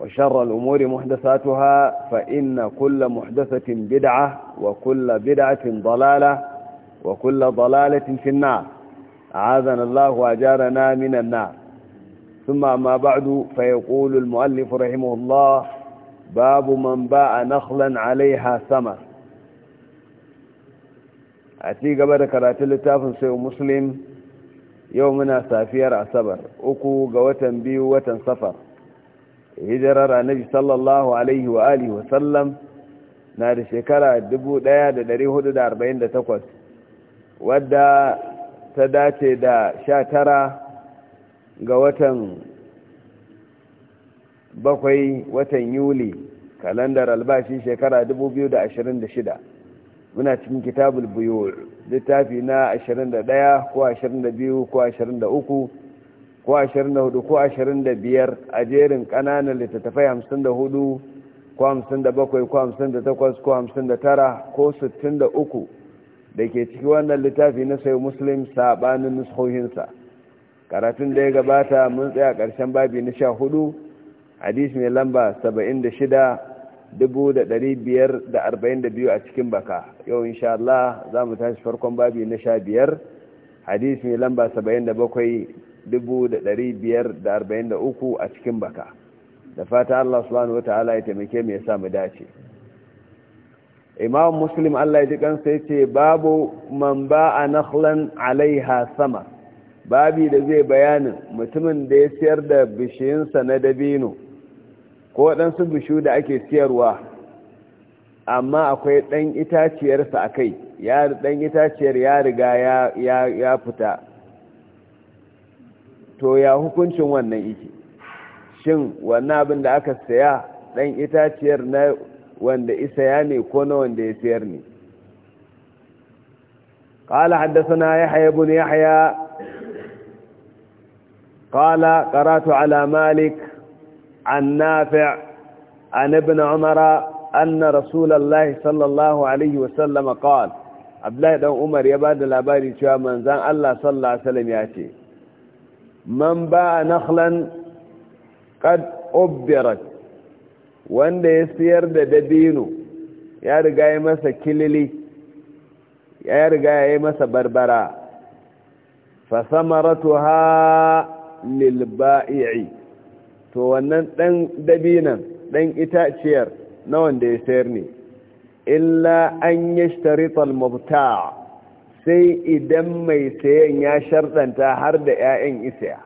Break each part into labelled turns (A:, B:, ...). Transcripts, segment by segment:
A: وشر الأمور محدثاتها فإن كل محدثة بدعة وكل بدعة ضلالة وكل ضلالة في النار أعاذنا الله وأجارنا من النار ثم ما بعد فيقول المؤلف رحمه الله باب من باع نخلا عليها ثمر أتي قبل كرات اللتاف سيو مسلم يومنا سافير أسبر أكو قوة بيوة سفر hijirar annabi sallallahu alaihi wa alihi wasallam na da shekara 1448 wadda ta dace da 19 ga watan bakwai watan yuli kalandar albashi shekara 2026 muna cikin kitabul buyur littafi na 21 ko 22 ko 23 ko 24 ko 25 a jerin ƙananan littattafai 54 ko 57 ko 58 ko 59 ko 63 da ke ciki wannan littafi na sayo muslim saɓanin nusohinsa karatun da ya gabata mun tsaya ƙarshen babi na 14 hadis mai lamba da biyu a cikin baka yau insha Allah za mu tashi farkon babi na sha biyar hadis mai lamba 77 1543 a cikin baka da fata Allah subhanahu wataala ya taimake mu ya sa mu dace Imam Muslim Allah ya ji kansa ce babu man ba'a nakhlan 'alayha sama babi da zai bayanin mutumin da ya siyar da bishiyinsa na dabino ko waɗansu bishu da ake siyarwa amma akwai ɗan itaciyarsa a kai ɗan itaciyar ya riga ya fita to ya hukuncin wannan yake shin wannan abin da aka saya ɗan itaciyar na wanda isaya ne ko na wanda ya sayar ne قال حدثنا يحيى بن يحيى قال قرات على مالك عن نافع عن ابن عمر أن رسول الله صلى الله عليه وسلم قال عبد الله بن عمر يبادل أباري شوى من زان الله صلى الله عليه وسلم يأتي man ba nakhlan qad ubbirat wanda ya siyar da dabino ya riga ya masa kilili ya riga ya yi masa barbara samaratuha lil ba'i to wannan dan dabinan dan itaciyar na wanda ya sayar ne illa an yashtarita al-mubta' sai idan mai sayan ya shardanta har da 'ya'yan isaya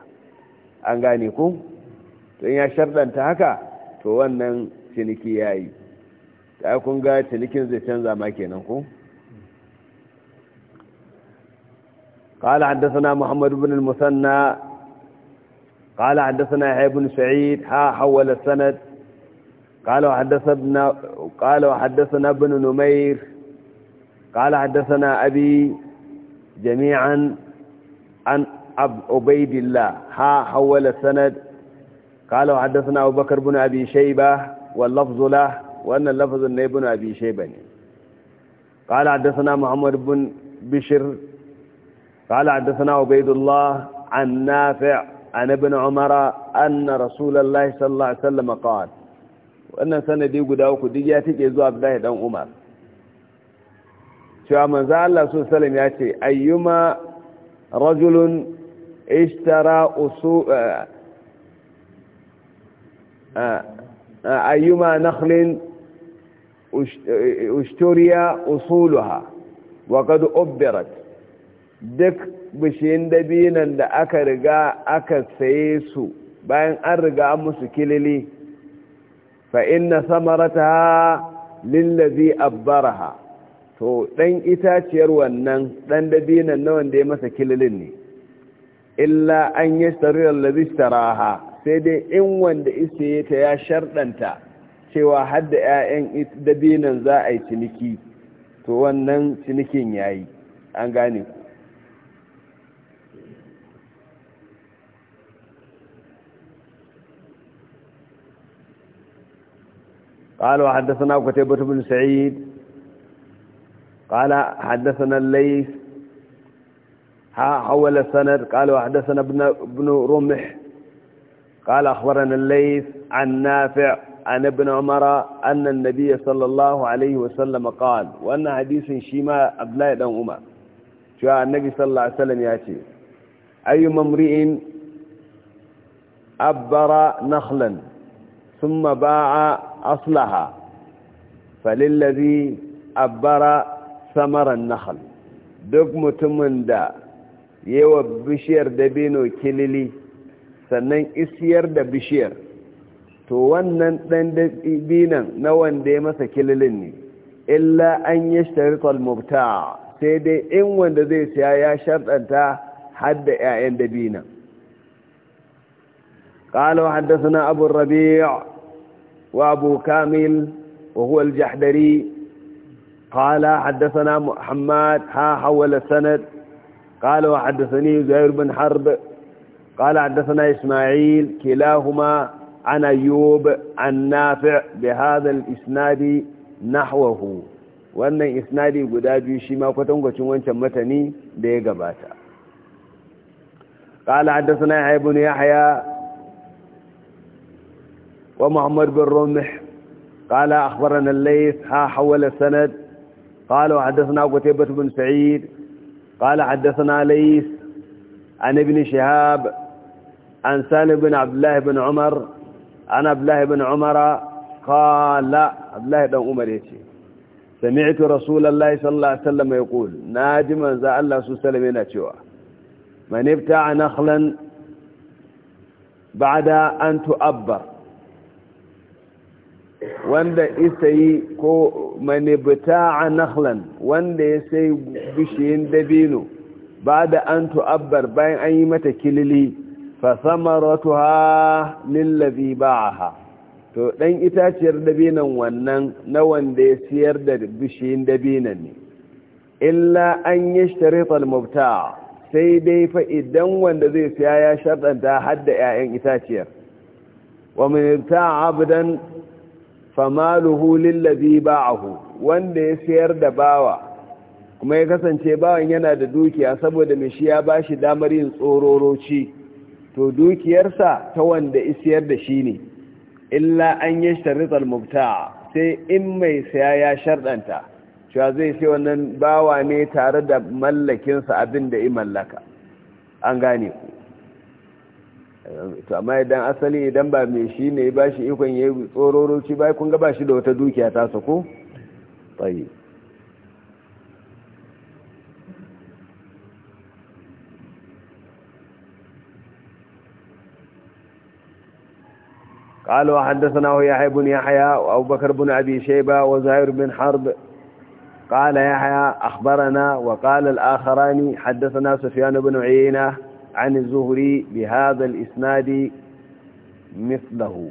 A: an gane ku don ya shardanta haka to wannan ciniki ya yi ta kun ga cinikin zai canza ma kenan ku قال حدثنا محمد بن المثنى قال حدثنا يحيى بن سعيد ها حول السند قال حدثنا قال حدثنا ابن نمير قال حدثنا ابي جميعا عن عبيد الله ها حول السند قال وحدثنا أبو بكر بن أبي شيبة واللفظ له وأن اللفظ النبي بن أبي شيبة قال حدثنا محمد بن بشر قال حدثنا عبيد الله عن نافع عن ابن عمر أن رسول الله صلى الله عليه وسلم قال وأن سندي قد أوكد ياتيك يزوى عبد الله دون عمر cewa manzo Allah su ya ce ayyuma rajulun ishtara usu eh, eh, eh, ayyuma nakhlin ushturiya usuluha wakadu qad ubbirat duk bishiyin dabinan da aka riga aka saye su bayan an riga an musu kilili fa inna samarataha lillazi abbaraha to ɗan itaciyar wannan ɗan dabinan na wanda ya masa kililin ne illa an yi tsarirar labistaraha sai dai in wanda isa ta ya sharɗanta cewa hadda 'ya'yan dabinan za a yi ciniki to wannan cinikin ya yi an gane قال وحدثنا قتيبة بن سعيد قال حدثنا الليث ها حول السند قال وحدثنا ابن, ابن رمح قال أخبرنا الليث عن نافع عن ابن عمر أن النبي صلى الله عليه وسلم قال وأن حديث شيماء أبلاء دون أمر شو النبي صلى الله عليه وسلم يأتي أي ممرئ أبر نخلا ثم باع أصلها فللذي أبر samaran nahal duk mutumin da yawa bishiyar dabino kilili sannan isiyar da bishiyar to wannan ɗan dabinan na wanda ya masa kililin ne illa an yi sharitar mubta sai dai in wanda zai siya ya sharɗanta hadda 'ya'yan dabinan قالوا حدثنا أبو الربيع وأبو كامل وهو الجحدري قال حدثنا محمد ها حول السند قال وحدثني زهير بن حرب قال حدثنا إسماعيل كلاهما عن أيوب عن نافع بهذا الإسناد نحوه وأن إسنادي قدابي شما كتنك شوان شمتني بيقباتا قال حدثنا يحيى بن يحيى ومحمد بن رمح قال أخبرنا الليث ها حول السند قال وحدثنا قتيبة بن سعيد قال حدثنا ليث عن ابن شهاب عن سالم بن عبد الله بن عمر عن عبد الله بن عمر قال عبد الله بن عمر يتي سمعت رسول الله صلى الله عليه وسلم يقول ناجما ذا الله صلى الله عليه وسلم ينتشوا من ابتاع نخلا بعد أن تؤبر wanda isa yi ko Manibuta a nahlan wanda ya sai bishiyin dabino ba da an tu'abbar bayan an yi mata kilili fasamaratu ha lillazi ba'aha to ɗan itaciyar dabinan wannan na wanda ya siyar da bishiyin dabinan ne illa an yi sharitar mubta sai dai fa idan wanda zai siya ya sharɗanta hadda 'ya'yan itaciyar wa manibita abdan famaluhu lillazi ba'ahu wanda ya sayar da bawa kuma ya kasance bawan yana da dukiya saboda mai shi ya bashi damar yin tsororoci to dukiyarsa ta wanda isiyar da shi ne illa an yi sharitar sai in mai saya ya sharɗanta cewa zai sai wannan bawa ne tare da mallakinsa abin da i mallaka an gane ku to amma idan asali idan ba mai shi ne ba shi ikon ya yi tsororoci ba kun gaba shi da wata dukiya ta sako tsaye قال وحدثنا يحيى بن يحيى وابو بكر بن ابي شيبه وزهير بن حرب قال يحيى اخبرنا وقال الاخران حدثنا سفيان بن عيينه عن الزهري بهذا الإسناد مثله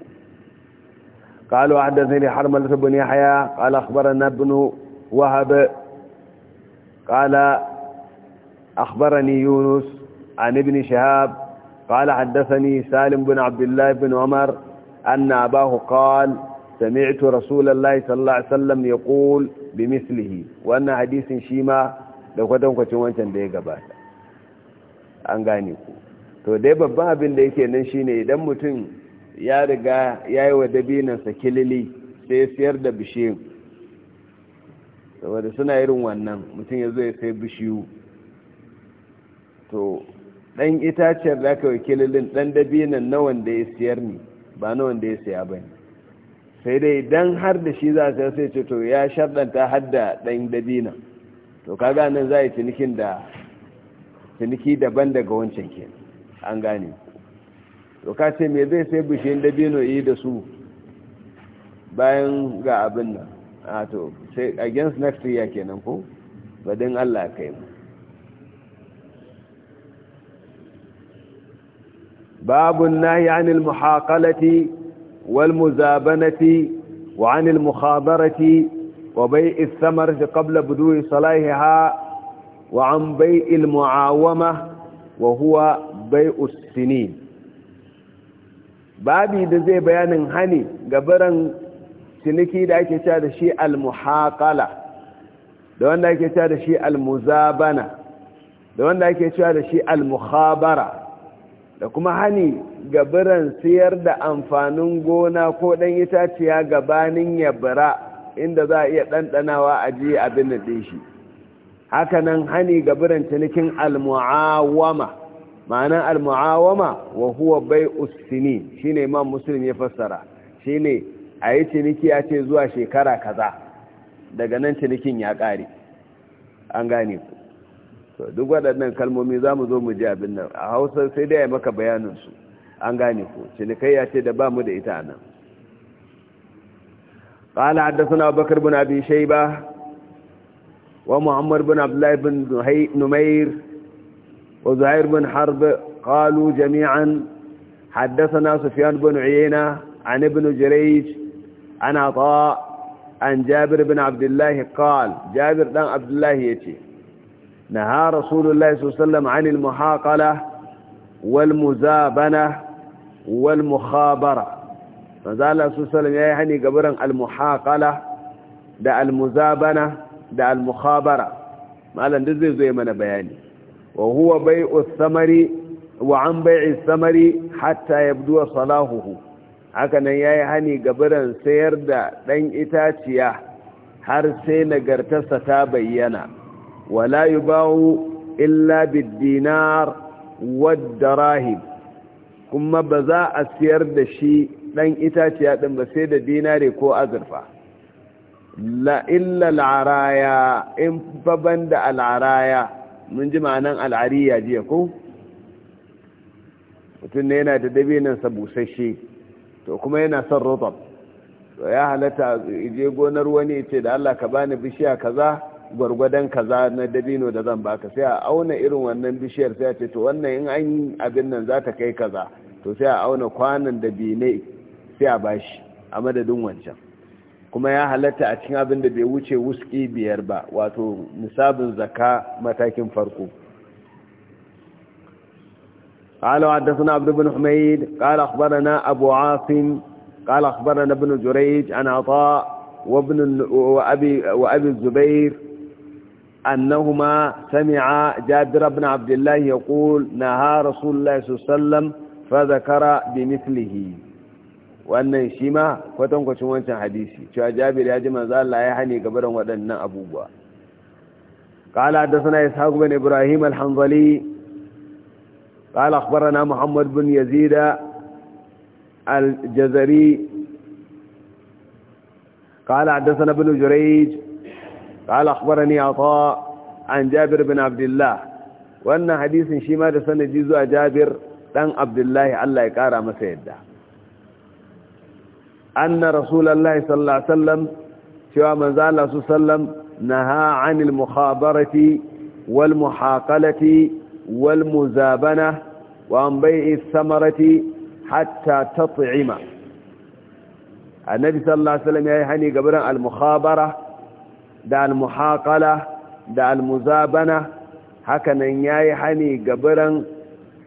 A: قالوا حدثني حرملة بن يحيى قال أخبرنا ابن وهب قال أخبرني يونس عن ابن شهاب قال حدثني سالم بن عبد الله بن عمر أن أباه قال سمعت رسول الله صلى الله عليه وسلم يقول بمثله وأن حديث شيما لو كنت كنت وانشان ديه an gane ku to dai babban abin da yake nan shine idan mutum ya riga ya yi wa dabinansa kilili sai siyar da bishe saboda suna irin wannan mutum ya zo ya sai bishiyu to ɗan itaciyar da aka wakililin ɗan dabinan na wanda ya siyar ne ba na wanda ya siya ba sai dai idan har da shi za a sai ce to ya shardanta har da ɗan dabinan to kaga nan za a yi cinikin da ciniki daban daga wancan ke an gane to ka ce me zai sai bishiyin dabino yi da su bayan ga abin nan a to sai against next year kenan ko badin Allah kai mu babun nahi anil muhaqalati wal muzabanati wa anil mukhadharati wa bai'i ƙabla qabla budu'i salahiha وعن بيع المعاومة وهو بيع السنين babi da zai bayanin hani gabaran ciniki da ake cewa da shi al-muhaqala da wanda ake cewa da shi al-muzabana da wanda ake cewa da shi al-mukhabara da kuma hani gabaran siyar da amfanin gona ko dan itaciya gabanin yabra inda za a iya dandanawa a ji abin da shi haka nan hani ga biran cinikin al-mu'awama ma'anan al-mu'awama wa huwa bai'us sini shine imam muslim ya fassara shine ayi ciniki ya ce zuwa shekara kaza daga nan cinikin ya kare an gane ku to duk waɗannan kalmomi za mu zo mu ji abin nan a hausa sai dai ya maka bayanin su an gane ku cinikayya ce da ba mu da ita nan قال حدثنا أبو بكر بن أبي شيبة ومعمر بن عبد الله بن نمير وزهير بن حرب قالوا جميعا حدثنا سفيان بن عيينة عن ابن جريج عن عطاء عن جابر بن عبد الله قال جابر بن عبد الله يتي نهى رسول الله صلى الله عليه وسلم عن المحاقلة والمزابنة والمخابرة فزال الله صلى الله عليه وسلم يعني قبرا المحاقلة ده المزابنة da al-mukhabara malam duk zai zo mana bayani wa huwa bai'u samari wa an bai'i samari hatta yabdu salahuhu haka nan yayi hani gabaran sayar da dan itaciya har sai nagartarsa ta bayyana wala yubahu illa bid-dinar wad-darahim kuma ba za a siyar da shi dan itaciya din ba sai da dinare ko azurfa la illa al'araya in fa banda al'araya mun ji ma'anan al'ariya jiya ko mutum ne yana da dabinan busasshe to kuma yana son rutab to ya halatta je gonar wani ce da Allah ka bani bishiya kaza gwargwadon kaza na dabino da zan baka sai a auna irin wannan bishiyar sai a ce to wannan in an abin nan za ta kai kaza to sai a auna kwanan dabinai sai a bashi a madadin wancan kuma ya halatta a cikin abin da bai wuce wuski biyar ba wato nisabin zaka matakin farko قال حدثنا عبد بن حميد قال أخبرنا أبو عاصم قال أخبرنا ابن جريج عن عطاء وابن وأبي, وأبي الزبير أنهما سمع جابر بن عبد الله يقول نهى رسول الله صلى الله عليه وسلم فذكر بمثله wannan shi ma kwatankwacin wancan hadisi cewa jabir ya ji manzala ya hane gaba da waɗannan abubuwa ƙala da suna ya sagu ibrahim alhanzali ƙala akwara na muhammad bin yazida aljazari ƙala da suna bin jureid ƙala akwara ni an jabir bin abdullah wannan hadisin shima da sanadi zuwa jabir ɗan abdullahi allah ya ƙara masa yadda anna rasulullahi sallallahu alaihi wasallam cewa manzo Allah su sallam naha anil wal muhaqalati wal muzabana wa an bai'i hatta tat'ima annabi sallallahu alaihi wasallam yayi hani gaban al da al muhaqala da al muzabana haka nan yayi hani gaban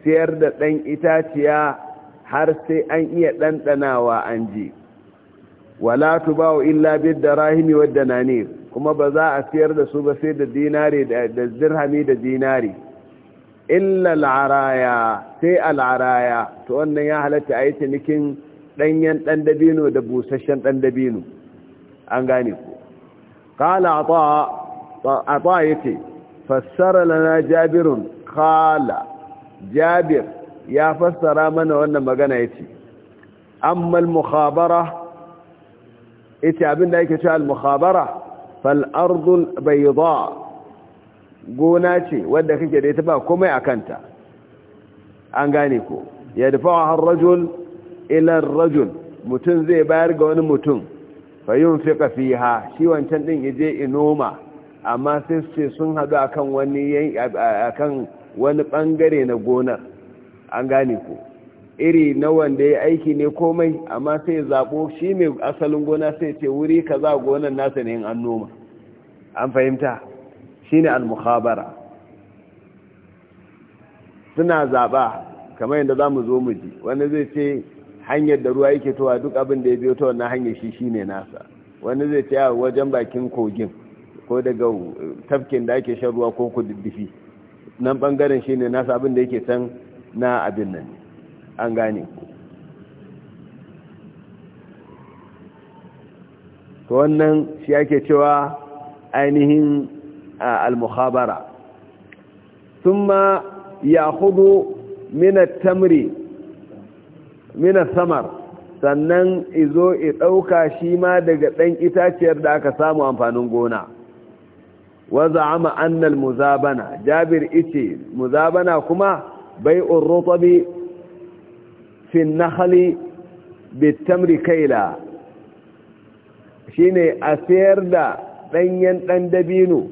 A: siyar da dan itaciya har sai an iya ɗanɗanawa an ji wala tuba'u illa bid darahimi wad dananir kuma ba za a siyar da su ba sai da dinari da dirhami da dinari illa al'araya sai al'araya to wannan ya halatta a yi cinikin ɗanyen ɗan dabino da busasshen ɗan dabino an gane ku kala a ta ya ce fassara lana jabirun Qala. jabir ya fassara mana wannan magana ya ce ammal mukhabara ita abin da yake cewa al-mukhabara fal ardul bayda gona ce wadda kake da ita ba komai akanta an gane ko yadfa'u ar-rajul ila ar-rajul mutum zai bayar ga wani mutum fayunfiqa fiha shi wancan din yaje inoma amma sai su sun hadu akan wani akan wani bangare na gonar an gane ko iri na wanda ya aiki ne komai amma sai ya zaɓo shi mai asalin gona sai ce wuri ka za gonan nasa ne an noma an fahimta shi ne al-mukhabara suna zaɓa kamar yadda za mu zo mu ji wani zai ce hanyar da ruwa yake towa duk abin da ya biyo towa na hanyar shi shi ne nasa wani zai ce a wajen bakin kogin ko daga tafkin da ake shan ruwa ko kududdufi nan ɓangaren shi ne nasa abin da yake san na abin nan ne an gane to wannan shi ake cewa ainihin al-mukhabara thumma ya'khudhu min at-tamri min ath-thamar sannan izo i dauka shi ma daga dan itaciyar da aka samu amfanin gona waza'ama anna al-muzabana jabir ice muzabana kuma bai'ur rutabi fi nahali bitamri kaila shine a sayar da ɗanyen ɗan dabino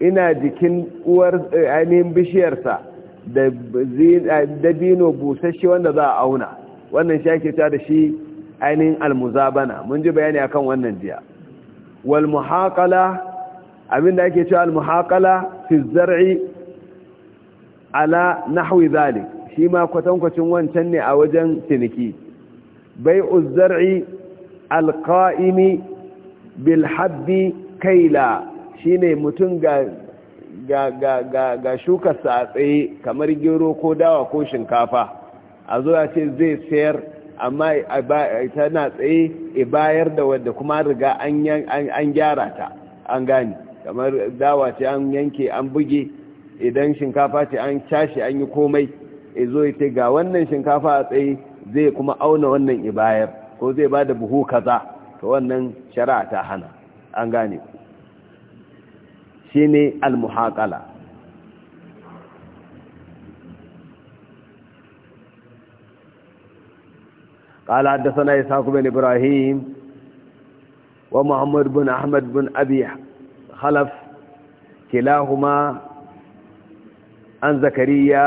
A: ina jikin uwar ainihin bishiyarsa da dabino busasshe wanda za a auna wannan shake ta da shi ainihin almuzabana mun ji bayani akan wannan jiya wal muhaqala abinda ake cewa al muhaqala fi zar'i ala nahwi zalik shi ma kwatankwacin wancan ne a wajen ciniki bai uzzar'i alƙa'imi bilhabbi kaila shi ne mutum ga ga shukarsa a tsaye kamar gero ko dawa ko shinkafa a zo ce zai sayar amma tana tsaye e bayar da wadda kuma riga an gyara ta an gani kamar dawa ce an yanke an buge idan shinkafa ce an cashe an yi komai ya zo ya ga wannan shinkafa a tsaye zai kuma auna wannan ibayar ko zai ba da buhu kaza ta wannan shari'a ta hana an gane shi ne almuhaƙala قال حدثنا إسحاق بن إبراهيم ومحمد بن أحمد بن أبي خلف كلاهما عن زكريا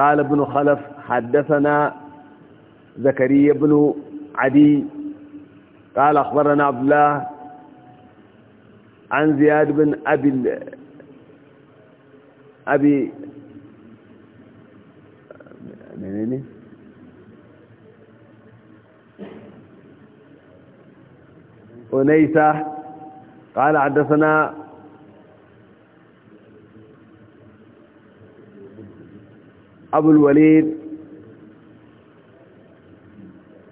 A: قال ابن خلف حدثنا زكريا بن عدي قال أخبرنا عبد الله عن زياد بن أبي أبي منيني أنيسة قال حدثنا أبو الوليد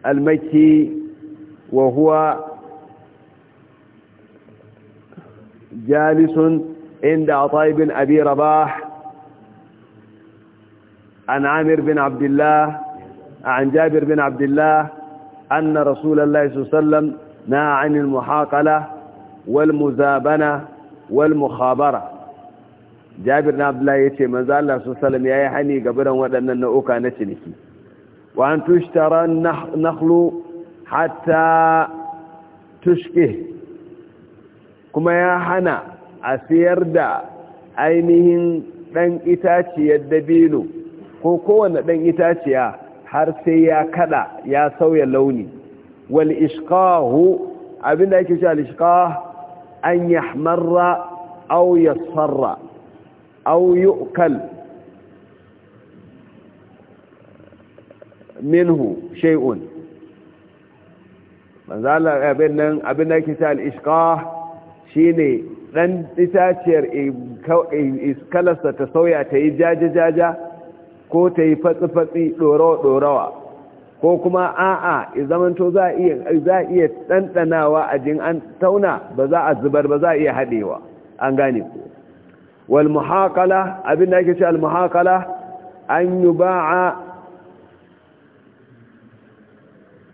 A: المكي وهو جالس عند عطاء بن أبي رباح عن عامر بن عبد الله عن جابر بن عبد الله أن رسول الله صلى الله عليه وسلم نهى عن المحاقلة والمزابنة والمخابرة jabir na abdullahi ya ce manzo Allah su salam ya yi hani ga biran waɗannan na'uka na ciniki wa an tushtara nakhlu hatta tushke kuma ya hana a siyar da ainihin ɗan itaciyar dabino ko kowane ɗan itaciya har sai ya kada ya sauya launi wal ishqahu abinda yake shi al ishqah an yahmarra aw yasfarra au yu'kal minhu shay'un manzo Allah abin da yake ta al-ishqa shine ɗan itaciyar iskalarsa ta sauya ta yi jajajaja ko ta yi fatsi-fatsi ɗorawa-ɗorawa ko kuma a'a zamanto za a iya ɗanɗanawa a jin an tauna ba za a zubar ba za a iya haɗewa an gane ku walmuhakala abinda abin ake ce al muhaqala an yuba'a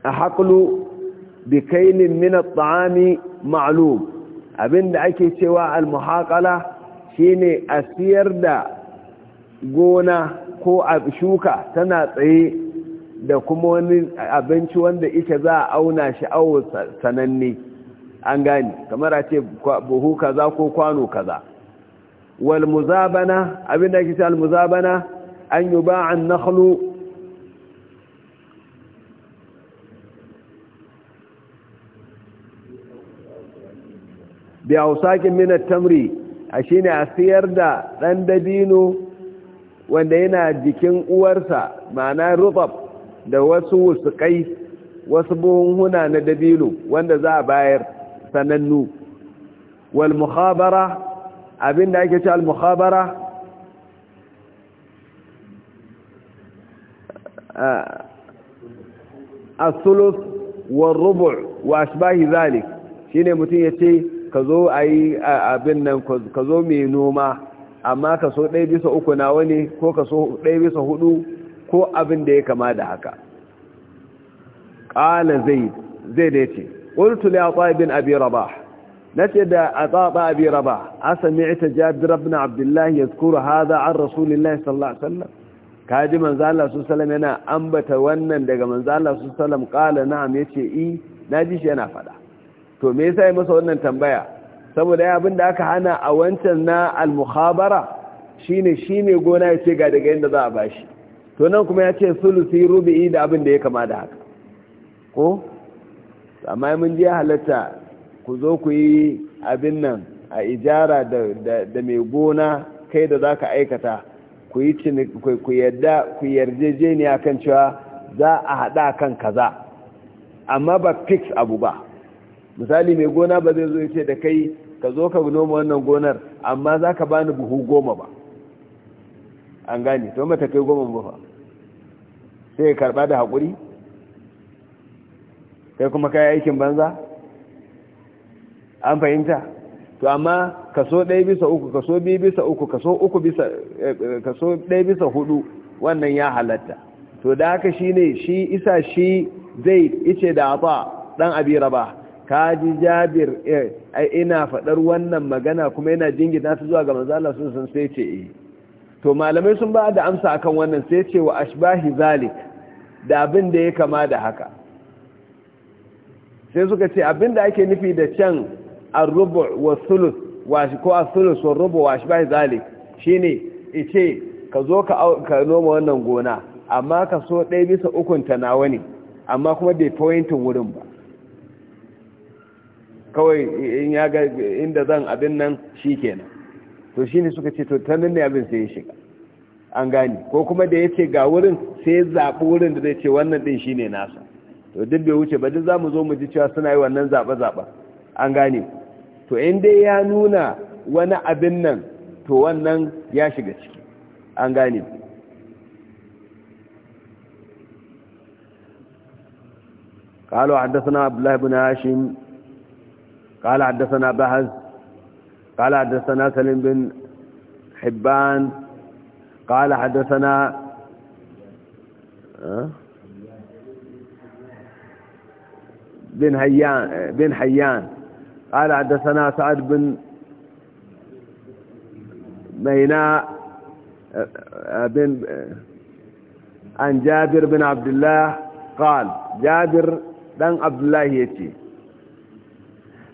A: haqlu bi kailin min at abin da ake cewa shi ne a siyar da gona ko shuka tana tsaye da kuma wani abinci wanda ita za a auna shi sananne an gani kamar a ce buhu kaza ko kwano kaza wal muzabana abin da ake ce al muzabana an yuba an nakhlu bi ausakin min at-tamri shine a siyar da dan dabino wanda yana jikin uwarsa ma'ana rubab da wasu wusukai wasu buhunhuna na dabino wanda za a bayar sanannu wal abin da ake ce al-mukhabara as-sulus war-rubu' wa ashbahi zalik shine mutun yace kazo ayi abin nan kazo me noma amma kaso 1 bisa 3 na wani ko kaso 1 bisa 4 ko abin da ya kama da haka qala zaid zaid yace qultu li ata ibn abi rabah نتي دا عطاء أبي رباح أسمعت جابر بن عبد الله يذكر هذا عن رسول الله صلى الله عليه وسلم kaji manzo Allah su sallam yana ambata wannan daga manzo Allah su kala na'am yace i naji shi yana faɗa to me yasa ya masa wannan tambaya saboda ya abinda aka hana a wancan na al-mukhabara shine shine gona yace ga daga yanda za a shi to nan kuma ya yace sulusi rubi'i da abin da ya kama da haka ko amma mun je halatta ku zo ku yi abin nan a ijara da mai gona kai da za ka aikata ku yi ku yarjejeniya kan cewa za a haɗa kan kaza amma ba fix abu ba misali mai gona ba zai zo ya ce da kai ka zo ka noma wannan gonar amma za ka bani buhu goma ba an gane to mata kai goma bufa sai karɓa da haƙuri Sai kuma kai aikin banza an fahimta to amma kaso ɗaya bisa uku kaso biyu bisa uku kaso uku bisa eh, eh, kaso ɗaya bisa hudu wannan ya halatta to da haka shi ne shi isa shi zai ice da ba ɗan abira ba ka ji jabir eh, ai ina faɗar wannan magana kuma yana jingina ta zuwa ga manzala sun san sai ce eh to malamai sun ba da amsa akan wannan sai ce wa ashbahi zalik da abin da ya kama da haka sai suka ce abin da ake nufi da can الربع والثلث wa كو wa shi ko as ذلك wa ايتي wa shi bai ka zo ka noma wannan gona amma ka so ɗaya bisa ukun ta nawa ne amma kuma bai pointin wurin ba kawai in ya ga inda zan abin nan shi kenan to shine suka ce to ta ne abin sai ya shiga an gani ko kuma da ya ce ga wurin sai zabi zaɓi wurin da zai ce wannan din shi ne nasa to duk bai wuce ba duk za mu zo mu ji cewa suna yi wannan zaɓe-zaɓe an gane to in dai ya nuna wani abin nan to wannan ya shiga ciki an gane قالوا حدثنا عبد الله بن هاشم قال حدثنا بهز قال حدثنا سلم بن حبان قال حدثنا بن هيان بن حيان قال حدثنا سعد بن ميناء بن عن جابر بن عبد الله قال جابر بن عبد الله يتي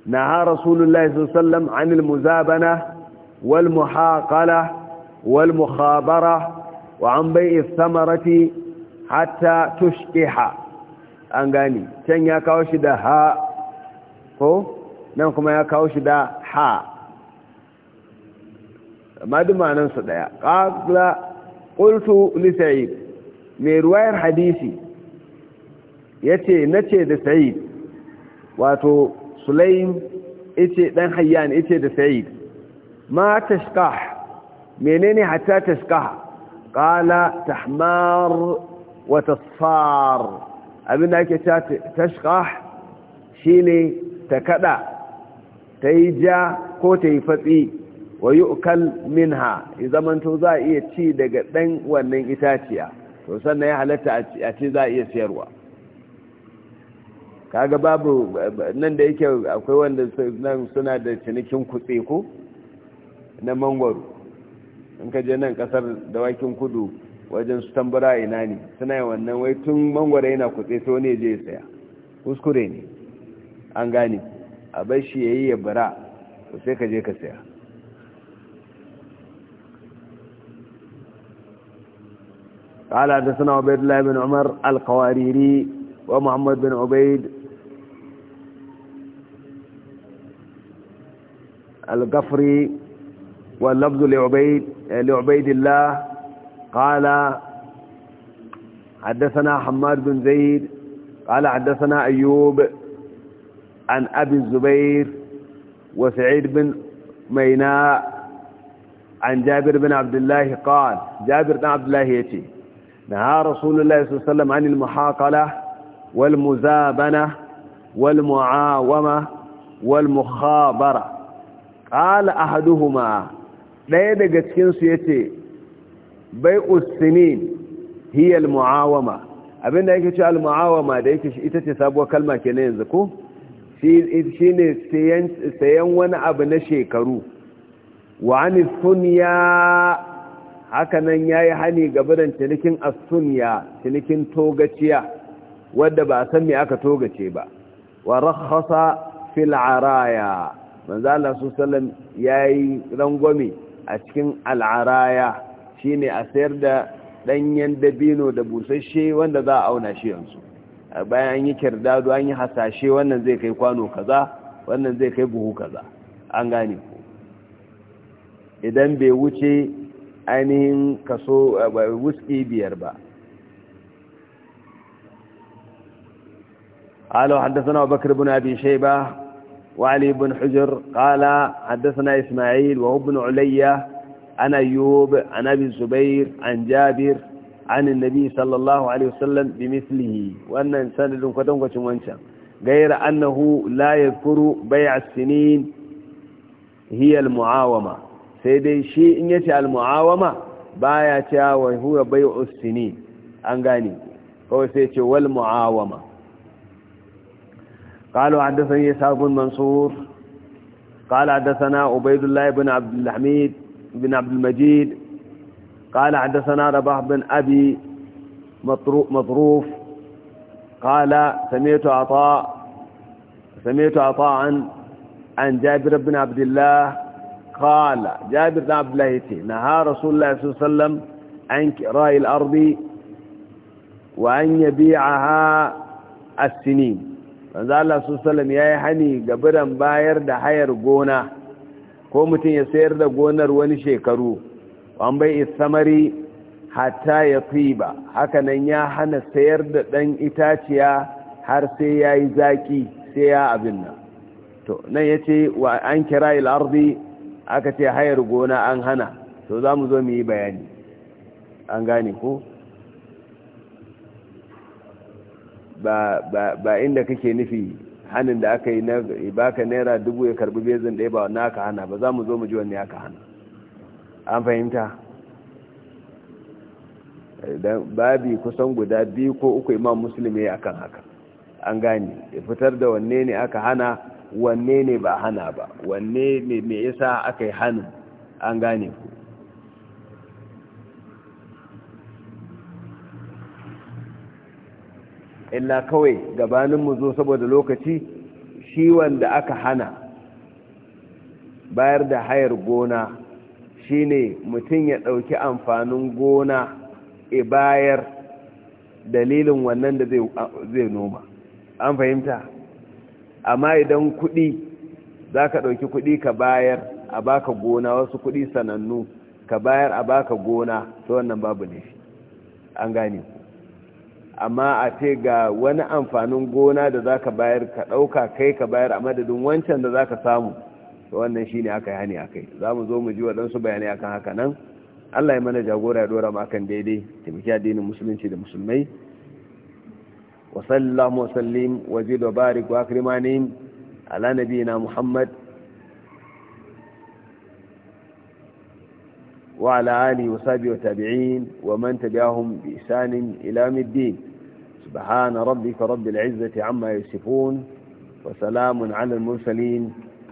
A: نهى رسول الله صلى الله عليه وسلم عن المزابنة والمحاقلة والمخابرة وعن بيع الثمرة حتى تشكح أنغاني كان يكاوش دها هو nan kuma ya kawo shi da ha madumanan su daya qala qultu li sa'id mai ruwayar hadisi na ce da sa'id wato sulaim ice dan hayyan ice da sa'id ma tashqah menene hatta tashqah qala tahmar wa tasfar abinda ake shi shine ta kaɗa. ta yi ja ko ta yi fatsi wa yi ukal minha zamanto za a iya ci daga ɗan wannan itaciya to sannan ya halatta a ce za a iya siyarwa kaga babu nan da yake akwai wanda suna da cinikin kutse ko na mangwaro in ka je nan kasar dawakin kudu wajen su tambara ina ne suna yi wannan wai tun mangwaro yana kutse so ne je saya kuskure ne an gane a bai shi ya yi ya bara to sai ka je ka saya قال حدثنا عبيد الله بن عمر القواريري ومحمد بن عبيد القفري واللفظ لعبيد, لعبيد الله قال حدثنا حماد بن زيد قال حدثنا أيوب عن أبي الزبير وسعيد بن ميناء عن جابر بن عبد الله قال جابر بن عبد الله يتي نهى رسول الله صلى الله عليه وسلم عن المحاقلة والمزابنة والمعاومة والمخابرة قال أحدهما ɗaya daga cikinsu ya ce bai usinin hiyar mu'awama abinda yake ce al-mu'awama da yake ita ce sabuwar kalma ke na yanzu ko shi ne sayan wani abu na shekaru wa ani sunya hakanan ya yi hani gabaran cinikin asunya cinikin togaciya wadda ba a san me aka togace ba wa rahasa fil araya manzo Allah su sallam yayi rangwame a cikin al'araya shine a sayar da danyen dabino da busasshe wanda za a auna shi yanzu bayan an yi kirdado an yi hasashe wannan zai kai kwano kaza wannan zai kai buhu kaza an gane ku idan bai wuce ainihin kaso eh, wuski biyar ba قال حدثنا بكر بن أبي شيبة وعلي بن حجر قال حدثنا إسماعيل وهو بن علي عن أيوب عن أبي الزبير عن جابر عن النبي صلى الله عليه وسلم بمثله وأن سند كتن كتن وانشا غير أنه لا يذكر بيع السنين هي المعاومة سيدي شيء إن يتي المعاومة بايا تا وهو بيع السنين أنغاني هو سيتي والمعاومة قالوا حدثني إسحاق بن منصور قال حدثنا عبيد الله بن عبد الحميد بن عبد المجيد قال حدثنا رباح بن أبي مطروف قال سمعت عطاء سمعت عطاء عن, عن جابر بن عبد الله قال جابر بن عبد الله نهى رسول الله صلى الله عليه وسلم عن كراء الأرض وأن يبيعها السنين فان Allah صلى الله عليه وسلم يا biran قبرا باير دحير gona ko يسير ya sayar da an bai samari hatta ya ba hakanan ya hana sayar da ɗan itaciya har sai ya yi zaƙi sai ya abin nan to nan ya ce wa an kira ilardi aka ce hayar gona an hana to za mu zo mu yi bayani an gane ko ba inda kake nufi hannun da aka yi na baka naira dubu ya karbi bezin ɗaya ba na aka hana ba za mu zo mu ji wani aka hana an fahimta babi kusan guda biyu ko uku imam musulmi akan haka an gane fitar da wanne ne aka hana wanne ne ba hana ba wanne ne me yasa aka yi hannu an gane ku illa kawai gabanin mu zo saboda lokaci shi wanda aka hana bayar da hayar gona ne mutum ya ɗauki amfanin gona e bayar dalilin wannan da zai noma an fahimta amma idan kuɗi za ka ɗauki kuɗi ka bayar a baka gona wasu kuɗi sanannu ka bayar a baka gona ta wannan babu ne an gane amma a ce ga wani amfanin gona da za ka bayar ka ɗauka kai ka bayar a madadin wancan da za ka samu wannan shi ne aka yi hani a kai za mu zo mu ji waɗansu bayanai akan haka nan allah ya mana jagora ya dora mu akan daidai taimaki addinin musulunci da musulmai wa sallallahu wasallim wa zid wa barik wa akrimani ala nabiyina muhammad wa ala alihi wa sahbihi wa tabi'in wa man tabi'ahum bi ihsanin ila yawmiddin subhana rabbika rabbil izzati amma yasifun وسلام alal المرسلين